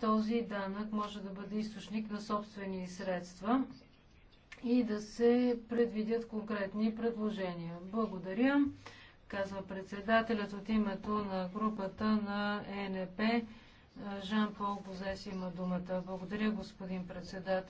този данък може да бъде източник на собствени средства и да се предвидят конкретни предложения. Благодаря, казва председателят от името на групата на ЕНП. Жан-Пол Бозес има думата. Благодаря, господин председател.